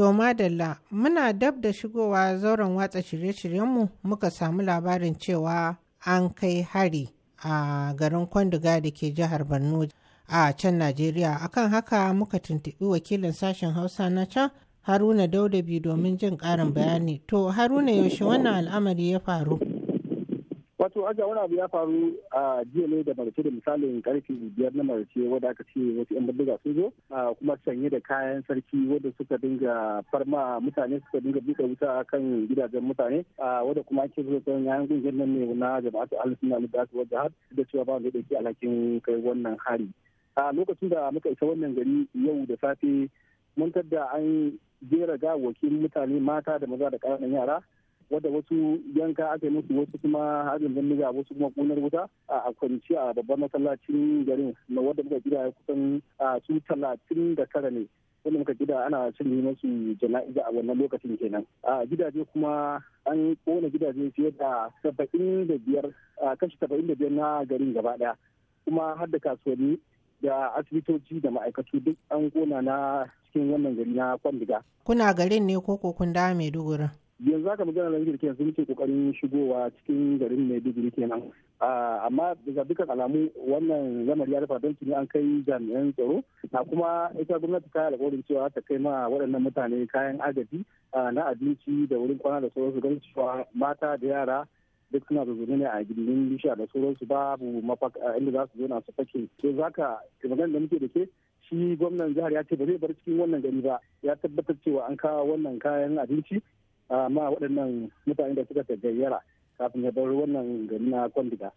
To madalla muna dab da shigowa zauren watsa shirye-shiryenmu muka samu labarin cewa an kai hari a garin kwandiga da ke jihar Borno a can Najeriya. Akan haka muka tuntuɓi wakilin sashen Hausa na can Haruna Daudabi domin jin ƙarin bayani. To Haruna yaushe wannan al'amari ya faru? wato aja wani abu ya faru a jiya ne da marce da misalin karfe biyar na marce wadda aka ce wasu yan bindiga sun zo kuma sanye da kayan sarki wadda suka dinga farma mutane suka dinga buɗe wuta kan gidajen mutane wadda kuma ake zuwa kan yayan kungiyar nan ne na jama'atu al-sunna da su wajen da cewa ba wanda ya alhakin kai wannan hari a lokacin da muka isa wannan gari yau da safe mun tadda an jera gawakin mutane mata da maza da ƙananan yara wadda wasu yanka aka yi musu wasu kuma harin bindiga wasu kuma kunar wuta a kwanci a babban masallacin garin na wadda muka gida kusan su talatin da tara ne wanda muka gida ana cin yi masu jana'iza a wannan lokacin kenan a gidaje kuma an kona gidaje fiye da saba'in da biyar kashi saba'in da biyar na garin gaba daya kuma har da kasuwanni da asibitoci da ma'aikatu duk an kona na cikin wannan gari na kwandiga kuna garin ne ko kun mai maiduguri yanzu haka magana da muke kenan sun ce kokarin shigowa cikin garin mai Maiduguri kenan ah, amma daga dukkan alamu wannan lamari ya rufa don tuni an kai jami'an tsaro na kuma ita gwamnati ta alƙawarin cewa ta kai ma waɗannan mutane kayan agaji ah, na abinci da wurin kwana da sauransu don cewa mata da yara duk suna zazzabi ne a gindin bishiya da sauransu babu mafaka ah, inda za su zo na su fake to zaka magana da muke da ke shi gwamnan jihar ya ce ba zai bar cikin wannan gari ba ya tabbatar cewa an kawo wannan kayan abinci ma waɗannan mutane da suka tagayyara kafin ya bar wannan gari na kwandida